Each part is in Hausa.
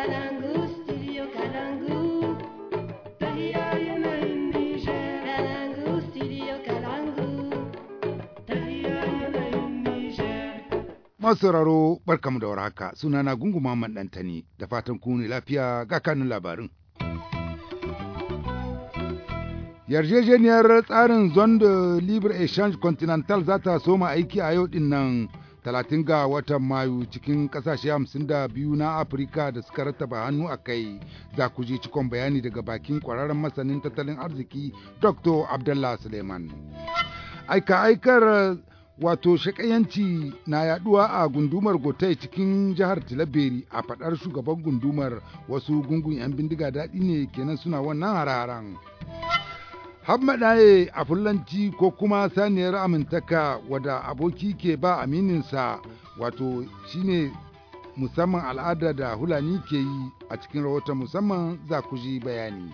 Kalangu, Masu sauraro barkamu da warhaka sunana Gungu Muhammad Dantani da fatan ku lafiya ga kanun labarin. Yarjejeniyar tsarin Zondo Libre Exchange Continental za ta soma aiki a yau din nan 30 ga watan mayu cikin kasashe 52 na afirka da suka rattaba hannu a kai za ku ji cikon bayani daga bakin kwararren masanin tattalin arziki dr abdullah suleiman aika aikar wato shakayanci na yaduwa a gundumar gotai cikin jihar tilaberi a fadar shugaban gundumar wasu gungun 'yan bindiga daɗi ne kenan suna wannan hararan. hammaɗaye a fulanci ko kuma saniyar amintaka wadda aboki ke ba amininsa wato shine musamman al'ada da hulani ke yi a cikin rahoton musamman za ku ji bayani.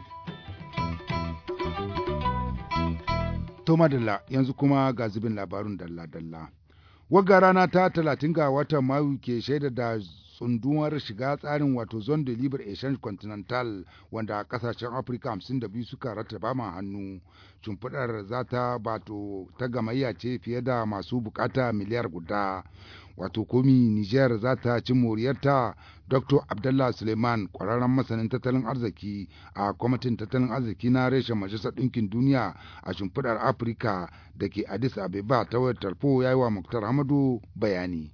Toma yanzu kuma ga zubin labarun dalla-dalla. Wagga rana ta talatin ga watan Mayu ke shaida da tsundumar shiga tsarin wato zone de libre exchange continental wanda kasashen afirka 52 suka rattaba ma hannu cumfudar za ta bato ta gamayya ce fiye da masu bukata miliyar guda wato komi niger za ta ci moriyarta dr abdallah suleiman kwararren masanin tattalin arziki a kwamitin tattalin arziki na reshen majalisar ɗinkin duniya a shimfiɗar afirka da ke addis abeba ta wayar tarfo ya yi wa muktar hamadu bayani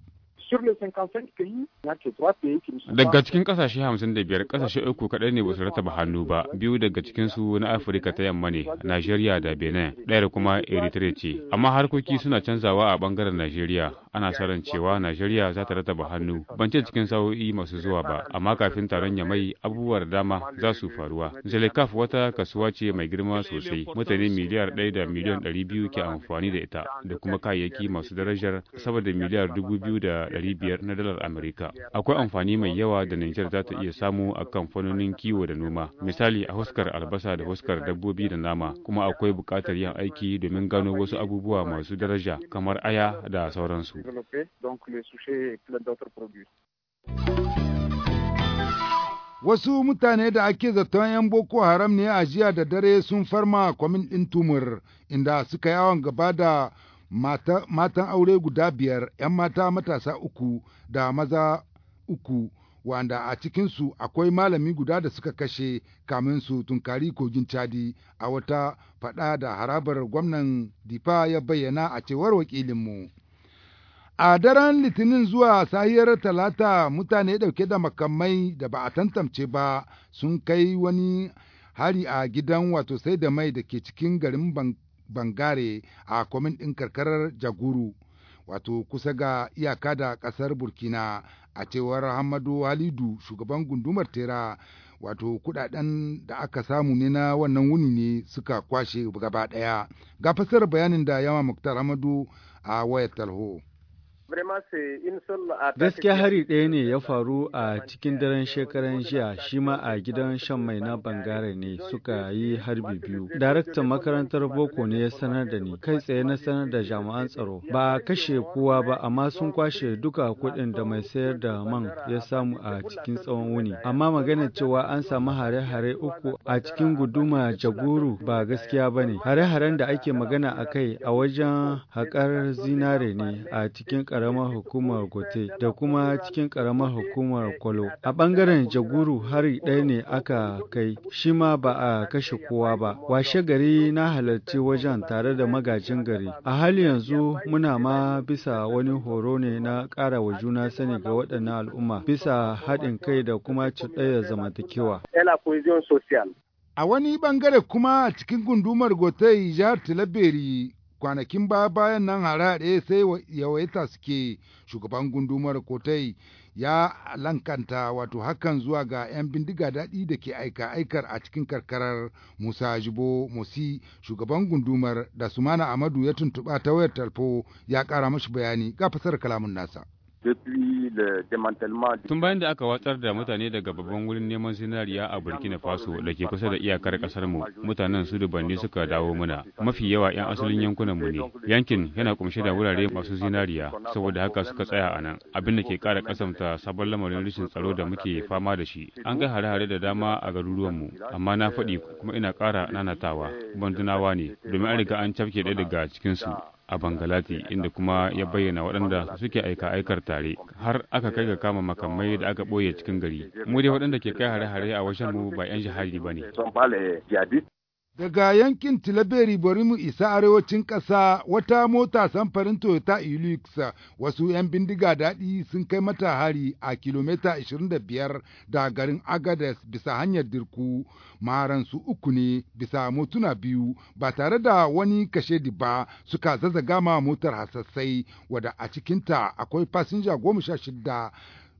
Daga cikin kasashe hamsin da biyar kasashe uku kaɗai ne ba su rataba hannu ba, biyu daga cikin su na Afirka ta yamma ne, nigeria da Benin, ɗaya kuma Eritrea ce. Amma harkoki suna canzawa a ɓangaren nigeria. ana sa cewa Najeriya za ta rataba hannu. Ban ce cikin sa'o'i masu zuwa ba, amma kafin taron ya mai abubuwa da dama za su faruwa. Zelekaf wata kasuwa ce mai girma sosai, mutane miliyar ɗaya da miliyan ɗari biyu ke amfani da ita, da kuma kayayyaki masu darajar saboda miliyar dubu biyu da ɗari biyar na dalar Amerika. Akwai amfani mai yawa da Nijar za ta iya samu a kan kiwo da noma, misali a huskar albasa da huskar dabbobi da nama, kuma akwai buƙatar yin aiki domin gano wasu abubuwa masu daraja kamar aya da sauransu. développer donc le souché et plein d'autres produits. Wasu mutane da ake zaton 'yan Boko Haram ne a jiya da dare sun farma kwamin ɗin tumur inda suka yawon gaba da matan aure guda biyar, 'yan mata matasa uku da maza uku, wanda a cikinsu akwai malami guda da suka kashe kamin su tunkari kogin Cadi a wata fada da harabar gwamnan Difa ya bayyana a cewar wakilinmu. A daren Litinin zuwa sahiyar Talata mutane ɗauke da makamai da ba a tantance ba sun kai wani hari a gidan wato sai da mai da ke cikin garin Bangare a kwamin ɗin karkarar Jaguru, wato kusa ga iyaka da ƙasar Burkina a cewar Hamadu Halidu shugaban gundumar Tera wato kudaden da aka samu ne na wannan wuni ne suka kwashe gaba ɗaya. Ga fasar bayanin da yawa Muktar Hamadu a wayar talho. Gaskiya hari ɗaya ne ya faru a cikin daren shekaran jiya shi ma a gidan shan mai na bangare ne suka yi harbi biyu. Daraktan makarantar Boko ne ya sanar da ni, kai tsaye na sanar da jami'an tsaro. Ba a kashe kowa ba amma sun kwashe duka kuɗin da mai sayar da man ya samu a cikin tsawon wuni. Amma maganar cewa an samu hare-hare uku a cikin guduma jaguru ba gaskiya ba ne. Hare-haren da ake magana a kai a wajen haƙar zinare ne a cikin karamar hukumar gote da kuma cikin karamar hukumar kwalo a bangaren jaguru hari ɗaya ne aka kai shi ma ba a kashe kowa ba washe gari na halarci wajen tare da magajin gari a hali yanzu muna ma bisa wani horo ne na ƙara wa juna sani ga waɗannan al'umma bisa haɗin kai da kuma cuɗaya zamantakewa a wani bangare kuma cikin gundumar gotai jihar tilaberi kwanakin baya bayan nan harare sai yawaita suke shugaban gundumar kotai ya lankanta wato hakan zuwa ga 'yan bindiga daɗi da ke aika aikar a cikin karkarar musa jibo mosi shugaban gundumar da sumana amadu ya tuntuɓa ta wayar talfo ya ƙara mashi bayani ga fasar kalamun nasa Tun bayan da aka watsar da mutane daga babban wurin neman zinariya a Burkina Faso da ke kusa da iyakar kasar mu, mutanen su dubanni suka dawo muna. Mafi yawa 'yan asalin yankunan mu ne. Yankin yana kumshe da wurare masu zinariya, saboda haka suka tsaya a nan. Abin da ke kara kasamta sabon lamarin rashin tsaro da muke fama da shi. An kai hare-hare da dama a garuruwan mu, amma na faɗi kuma ina kara nanatawa. Bandunawa ne, domin an riga an cafke ɗaya daga cikin su a Bangalati inda kuma ya bayyana waɗanda suke aika aikar tare har aka kai ga kama makamai da aka ɓoye cikin gari. Mu dai waɗanda ke kai hare-hare a washen mu ba 'yan jihadi ba ne. Daga yankin Tilaberi bari mu isa arewacin ƙasa wata mota samfarin Toyota Hilux wasu 'yan bindiga daɗi sun kai mata hari a kilomita 25 da garin Agades bisa hanyar dirku maransu uku ne bisa motuna biyu ba tare da wani kashe ba suka zazzaga ma motar hasassai wadda a cikinta akwai fasinja goma sha shida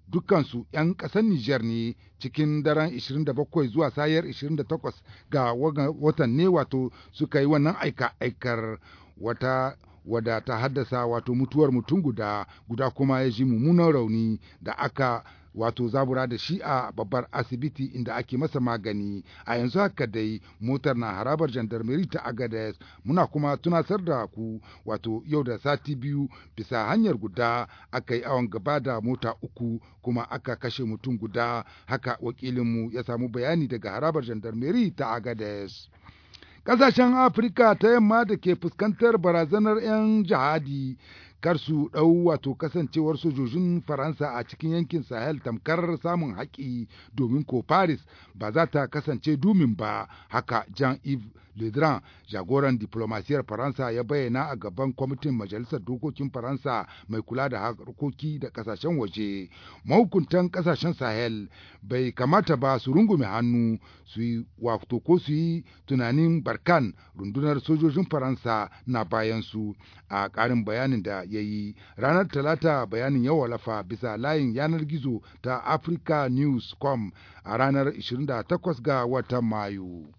dukansu 'yan ƙasar Nijar ne cikin daren 27 zuwa sayar 28 ga watan ne wato suka yi wannan aika-aikar wata ta haddasa wato mutuwar mutum guda guda kuma ya ji mummunan rauni da aka wato zabura da shi a babbar asibiti inda ake masa magani a yanzu haka dai motar na harabar jandarmeri ta agades muna kuma tunasar da ku wato yau da sati biyu bisa hanyar guda aka yi awon gaba da mota uku kuma aka kashe mutum guda haka wakilinmu ya samu bayani daga harabar jandarmeri ta agades Kasashen Afirka ta yamma da ke fuskantar barazanar 'yan jihadi kar su ɗau wato kasancewar sojojin faransa a cikin yankin sahel tamkar samun haƙƙi domin ko paris ba za ta kasance dumin ba haka jean-yves Ledran jagoran diplomasiyar Faransa ya bayyana a gaban kwamitin Majalisar Dokokin Faransa mai kula da harkoki da kasashen waje. Mahukuntan kasashen Sahel bai kamata ba su rungume hannu su yi wato ko su yi tunanin Barkan rundunar sojojin Faransa na bayan su a ƙarin bayanin da ya yi ranar talata bayanin ya lafa bisa layin yanar gizo ta Africa News.com a ranar 28 ga watan Mayu.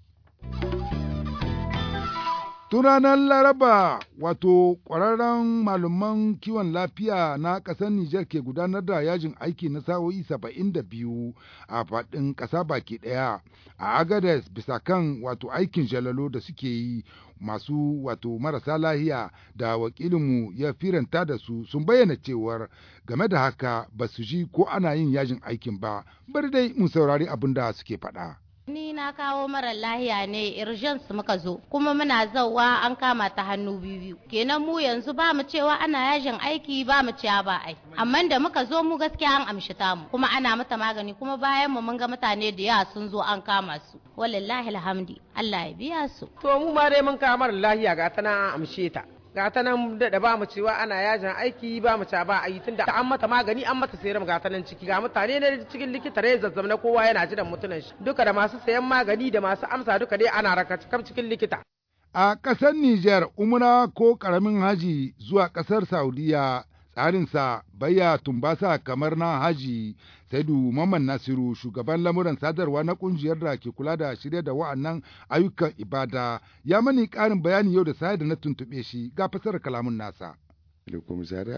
Tun ranar Laraba wato ƙwararren malaman kiwon lafiya na ƙasar Nijar ke gudanar da yajin aiki na sa'o'i saba'in da biyu a faɗin ƙasa baki ɗaya a Agades bisa kan wato aikin jalalo da suke yi masu wato marasa lahiya da wakilinmu ya firanta da su sun bayyana cewar game da haka ba su ji ko ana yin yajin aikin ba bari dai mu saurari abin da suke faɗa. Ni na kawo mara lahiya ne urgence muka zo kuma muna zauwa an kama ta hannu biyu kenan mu yanzu ba mu cewa ana yajin aiki ba mu ciya ba ai amma da muka zo mu gaskiya an amshi ta mu kuma ana mata magani kuma bayan mu mun ga mutane da yawa sun zo an kama su wallahi alhamdi Allah ya biya su to mu ma dai mun kawo mara lahiya ga tana amshe ta ga ta nan da ba mu cewa ana yajin aiki ba mu ca ba ayi tunda an mata magani an mata serum ga ta nan ciki ga mutane ne cikin likita rai zazzab na kowa yana jiran mutunan shi duka da masu sayan magani da masu amsa duka dai ana raka cikin likita a kasar niger umra ko ƙaramin haji zuwa ƙasar Saudiya tsarinsa baya tumbasa kamar na haji saidu maman nasiru shugaban lamuran sadarwa na kungiyar da ke kula da shirya da wa'annan ayyukan ibada ya mani karin bayani yau da sayar da na tuntube shi ga fasar kalamun nasa.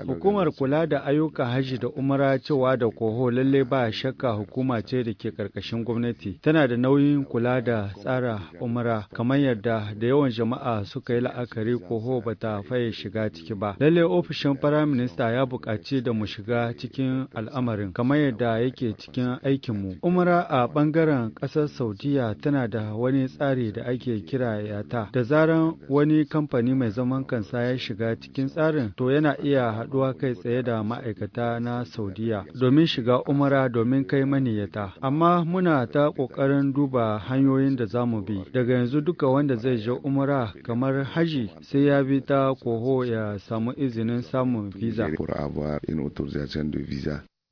Hukumar kula da ayyuka Haji da umara cewa da koho lalle ba shakka hukuma ce da ke ƙarƙashin gwamnati tana da nauyin kula da tsara umara kamar yadda da yawan jama'a suka yi la'akari koho ba ta faye shiga ciki ba. Lalle ofishin Firaminista ya buƙaci da mu shiga cikin al'amarin kamar yadda yake cikin aikinmu. Umara a ɓangaren ƙasar Saudiya tana da wani tsari da ake kira yata da zaran wani kamfani mai zaman kansa ya shiga cikin tsarin to yana iya haɗuwa kai tsaye da ma'aikata na Saudiya domin shiga umara domin kai maniyyata. Amma muna ta ƙoƙarin duba hanyoyin da za mu bi. Daga yanzu duka wanda zai je umara kamar haji sai ya bi ta koho ya samu izinin samun visa.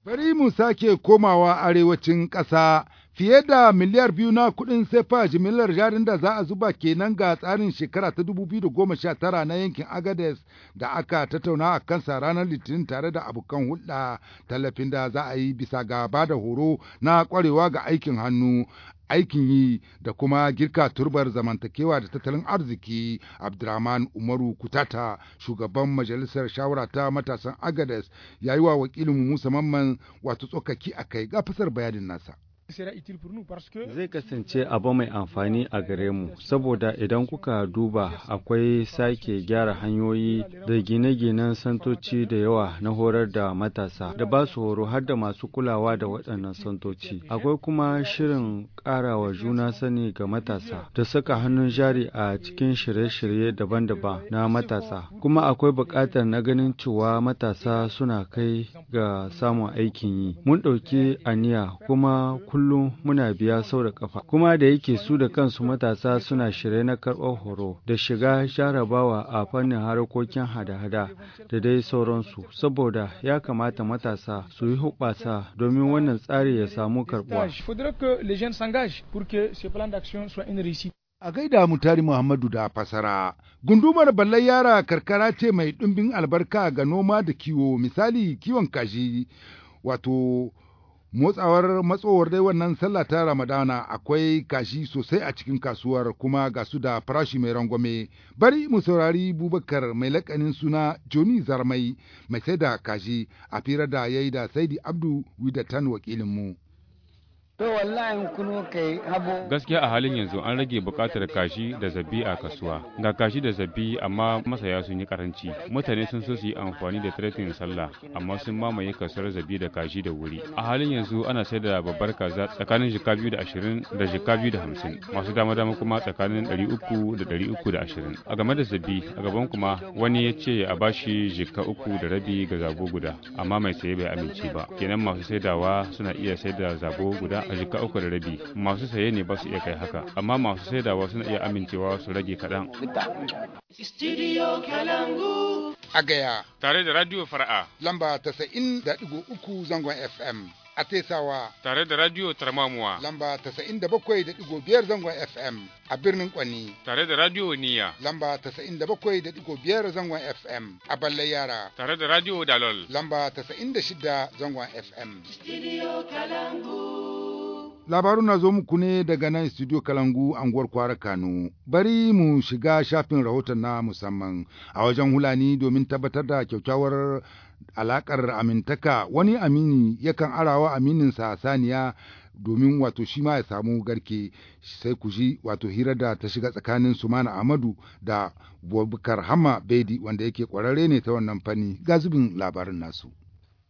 Bari mu sake komawa arewacin ƙasa. Fiye da miliyar biyu na kuɗin sefa jimillar jarin da za a zuba kenan ga tsarin shekara ta 2019 na yankin Agades da aka tattauna a kansa ranar Litinin tare da abokan hulɗa tallafin da za a yi bisa ga da horo na kwarewa ga aikin hannu. aikin yi da kuma girka turbar zamantakewa da tattalin arziki abdurrahman umaru kutata shugaban majalisar shawara ta matasan agades ya yi wa wakilin musa mamman wato tsokaki a kai ga fasar bayanin nasa Zai kasance abu mai amfani a gare mu, saboda idan kuka duba akwai sake gyara hanyoyi da gine-ginen santoci da yawa na horar da matasa da ba su horo har da masu kulawa da waɗannan santoci. Akwai kuma shirin ƙarawa juna sani ga matasa da saka hannun jari a cikin shirye-shirye daban-daban na matasa. Kuma akwai buƙatar na ganin cewa matasa suna kai ga samun aikin yi. Mun ɗauki aniya kuma kullum muna biya sau da kafa kuma da yake su da kansu matasa suna shirye na karɓar horo da shiga jarabawa a fannin harkokin hada-hada da dai sauransu saboda ya kamata matasa su yi hubasa domin wannan tsari ya samu karɓuwa. a gaida mutari Muhammadu da fasara. Gundumar ballar yara karkara ce mai ɗumbin albarka ga noma da kiwo misali kiwon kashi wato motsawar matsowar dai wannan sallah ta ramadana akwai kashi sosai a cikin kasuwar kuma ga su da farashi mai rangwame bari mu saurari bubakar mai lakanin suna joni zarmai mai sai da kashi a firar da ya yi da saidi abdu tan wakilinmu. Gaskiya a halin yanzu an rage bukatar kashi da zabi a kasuwa. Ga kashi da zabi amma masaya sun yi karanci. Mutane sun so su yi amfani da tretin sallah amma sun mamaye kasuwar zabi da kashi da wuri. A halin yanzu ana sai da babbar kaza tsakanin jika biyu da ashirin da jika biyu da hamsin. Masu dama dama kuma tsakanin ɗari uku da ɗari uku da ashirin. A game da zabi a gaban kuma wani ya ce a ba shi jika uku da rabi ga zabo guda amma mai saye bai amince ba. Kenan masu saidawa suna iya saida zabo guda a jika uku da rabi masu saye ne ba su iya kai haka amma masu saidawa suna iya amincewa su rage kaɗan. A gaya. Tare da Radio Fara'a. Lamba uku zangon FM. a Tesawa. Tare da Radio Tarmamuwa. Lamba 97.5 zangon FM a birnin Kwani. Tare da Radio Niya. Lamba 97.5 zangon FM a Balle Yara. Tare da Radio Dalol. Lamba 96 zangon FM. Studio Kalangu. Labarun na zo muku ne daga nan studio Kalangu anguwar Kwara Kano. Bari mu shiga shafin rahoton na musamman a wajen hulani domin tabbatar da kyakkyawar alakar amintaka wani amini yakan arawa amininsa saniya domin wato shi ma ya samu garke sai ku ji wato hira da ta shiga tsakanin Sumana Ahmadu da Bukar Hama Bedi wanda yake kwararre ne ta wannan fanni ga labarin nasu.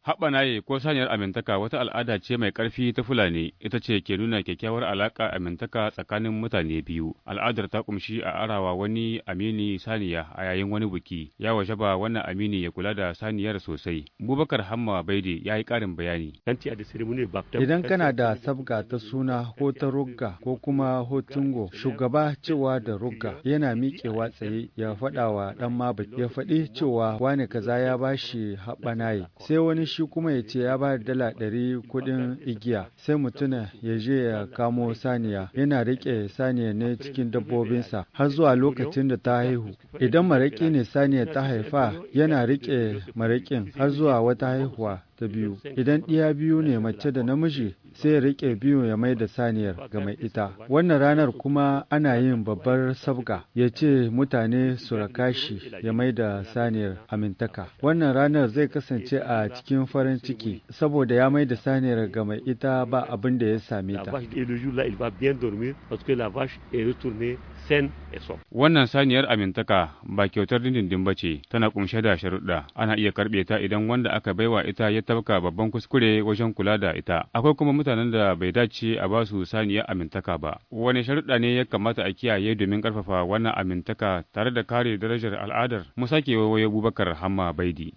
Haɓanaye ko saniyar amintaka wata al'ada ce mai ƙarfi ta Fulani ita ce ke nuna kyakkyawar alaƙa amintaka tsakanin mutane biyu. Al'adar ta ƙumshi a arawa wani amini saniya a yayin wani buki. Ya waje ba wannan amini ya kula da saniyar sosai. Bubakar Hamma Baidi ya yi ƙarin bayani. Idan kana da sabga ta suna ko ta rugga ko kuma hotungo shugaba cewa da rugga yana miƙewa tsaye ya faɗa wa ɗan mabuk ya faɗi cewa wani kaza ya bashi haɓanaye sai wani shi kuma ya ce ya bayar dala ɗari kuɗin igiya sai mutuna ya je ya kamo saniya yana riƙe saniya ne cikin dabbobinsa har zuwa lokacin da ta haihu idan maraƙi ne saniya ta haifa yana riƙe maraƙin har zuwa wata haihuwa ta biyu idan ɗiya biyu ne mace da namiji sai riƙe biyu ya mai da saniyar ga mai ita wannan ranar kuma ana yin babbar sabga ya ce mutane su raka shi ya mai da saniyar amintaka wannan ranar zai kasance a cikin farin ciki saboda ya mai da saniyar ga mai ita ba abin da ya same ta wannan saniyar amintaka ba kyautar dindindin ba ce tana kumshe da sharuɗa ana iya karɓe ta idan wanda aka baiwa ita ya tabka babban kuskure wajen kula da ita akwai kuma mutanen da bai dace a ba su saniyar amintaka ba. wani sharuɗa ne ya kamata a kiyaye domin ƙarfafa wannan amintaka tare da kare darajar al'adar? Mu sake wayo Bubakar Hamma Baidi.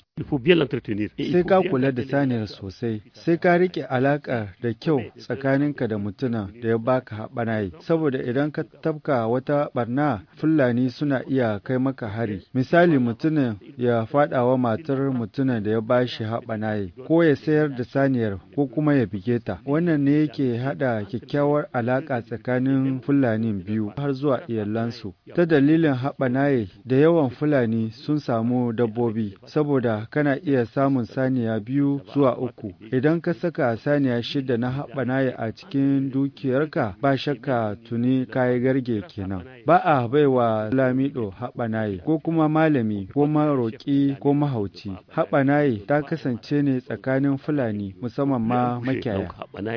Sai ka kula da saniyar sosai, sai ka riƙe alaƙa da kyau tsakaninka da mutuna da ya baka yi saboda idan ka tabka wata ɓarna Fulani suna iya kai maka hari. Misali mutumin ya faɗawa matar mutumin da ya bashi yi ko ya sayar da saniyar ko kuma ya bige ta. Wannan ne yake haɗa kyakkyawar alaƙa tsakanin Fulani biyu har zuwa iyalansu. Ta dalilin haɓanaye da yawan Fulani sun samu dabbobi, saboda kana iya samun saniya biyu zuwa uku. Idan ka saka saniya shida na haɓanaye a cikin dukiyarka ba shakka tuni kayi garge kenan. Ba a baiwa lamido haɓanaye ko kuma malami ko maroƙi ko mahauci. Haɓanaye ta kasance ne tsakanin Fulani musamman ma makiyaya.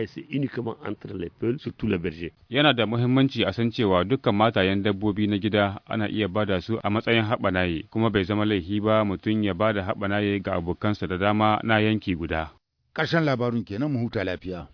c'est uniquement entre les peuls tous les bergers yana da muhimmanci a san cewa dukkan matayen dabbobi na gida ana iya bada su a matsayin haɓanaye kuma bai zama laifi ba mutum ya bada haɓanaye ga abokansa da dama na yanki guda karshen labarin kenan mu huta lafiya